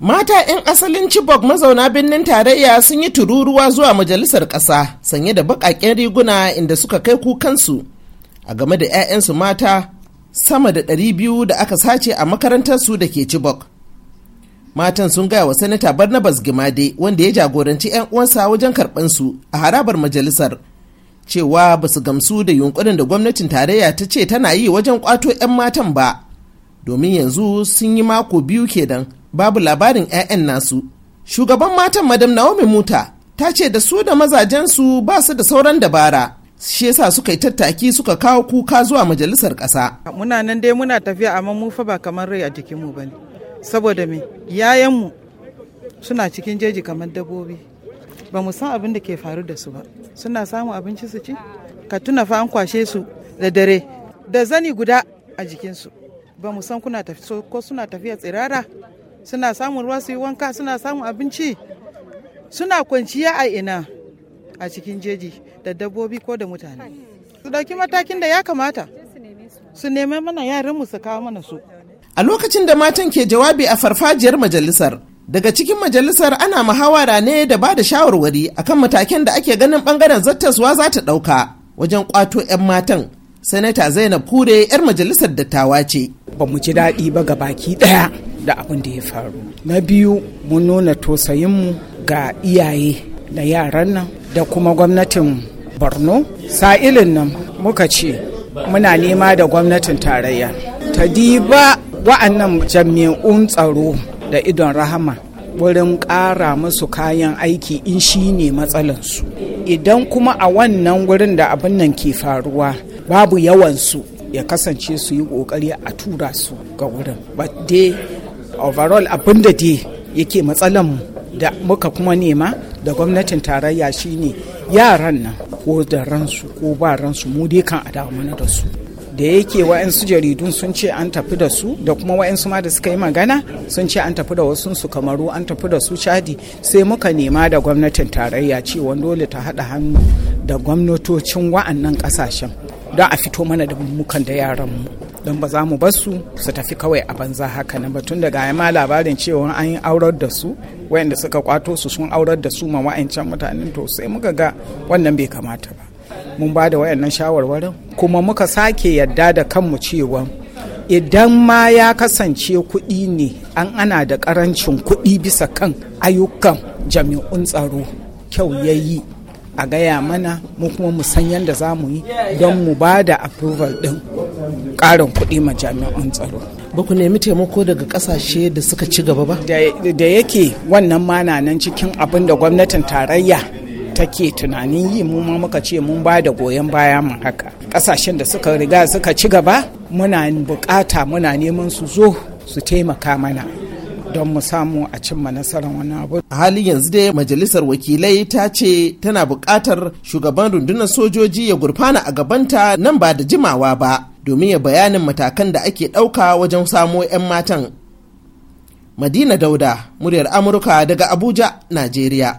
Mata 'yan asalin Chibok mazauna birnin tarayya sun yi tururuwa zuwa majalisar ƙasa sanye da baƙaƙen riguna inda suka kai kukansu a game da 'ya'yansu mata sama da 200 da aka sace a makarantarsu da ke Chibok. Matan sun gaya wa Sanata Barnabas Gimade wanda ya jagoranci 'yan uwansa wajen karɓansu a harabar majalisar cewa ba su gamsu da yunkurin da gwamnatin tarayya ta ce tana yi wajen kwato 'yan matan ba domin yanzu sun yi mako biyu kenan babu labarin 'ya'yan nasu shugaban matan madam naomi muta ta ce da su da mazajensu ba su da sauran dabara shi yasa suka yi tattaki suka kawo kuka zuwa majalisar ƙasa. muna nan dai muna tafiya amma mu fa ba kamar rai a jikinmu ba ne saboda me mu suna cikin jeji kamar dabbobi ba mu san abin da ke faru da su ba suna samun abinci su ci ka tuna fa an kwashe su da dare da zani guda a jikin su ba mu san kuna tafi ko suna tafiya tsirara suna samun ruwa su yi wanka suna samun abinci suna kwanciya a ina a cikin jeji da dabbobi ko da mutane su dauki matakin da ya kamata su nemi mana yaranmu su kawo mana su a lokacin da matan ke jawabi a farfajiyar majalisar daga cikin majalisar ana muhawara ne da ba da shawarwari akan matakin da ake ganin bangaren zattaswa za ta dauka wajen kwato 'yan matan sanata zainab kure 'yar majalisar dattawa ce ba mu ji daɗi ba ga baki ɗaya da abin da ya faru na biyu mun nuna tosayinmu ga iyaye da yaran nan da kuma gwamnatin borno sa'ilin nan muka ce muna nema da gwamnatin tarayya ta diba wa'annan jami'un tsaro da idon rahama wurin ƙara musu kayan aiki in shi ne matsalansu idan kuma a wannan wurin da abin nan ke faruwa babu yawansu ya kasance su yi ƙoƙari a tura su ga wurin ba dai overall abin da dai yake matsalan da muka kuma nema da gwamnatin tarayya shine yaran nan ko da ransu ko ba ransu mu dai kan a mana da su da yake wa'yansu jaridun sun ce an tafi da su da kuma wa'yansu ma da suka yi magana sun ce an tafi da wasu su kamaru an tafi da su shadi sai muka nema da gwamnatin tarayya cewa dole ta haɗa hannu da gwamnatocin wa'annan ƙasashen don a fito mana da mukan da yaran mu don ba za mu bar su su tafi kawai a banza haka nan ba tun daga ma labarin cewa an yi aurar da su wayanda suka kwato su sun aurar da su ma wa'ancan mutanen to sai muka ga wannan bai kamata ba mun ba da wayannan shawarwarin kuma muka sake yadda da kanmu cewa idan ma ya kasance kuɗi ne an ana da karancin kuɗi bisa kan ayyukan jami'un tsaro kyau ya yi a gaya mana mu kuma mu san yadda za mu yi don mu ba da approval ɗin karin kuɗi ma jami'an tsaro ba ku nemi taimako daga ƙasashe da suka ci gaba ba da yake wannan mana nan cikin abin da gwamnatin tarayya take tunanin yi mu ma muka ce mun ba da goyon baya mu haka ƙasashen da suka riga suka ci gaba muna bukata muna neman su zo su taimaka mana don mu samu a cimma nasarar wani abu. A halin yanzu dai majalisar wakilai ta ce tana buƙatar shugaban rundunar sojoji ya gurfana a gabanta nan ba da jimawa ba domin ya bayanin matakan da ake ɗauka wajen samo 'yan matan. Madina Dauda, muryar Amurka daga Abuja, Najeriya.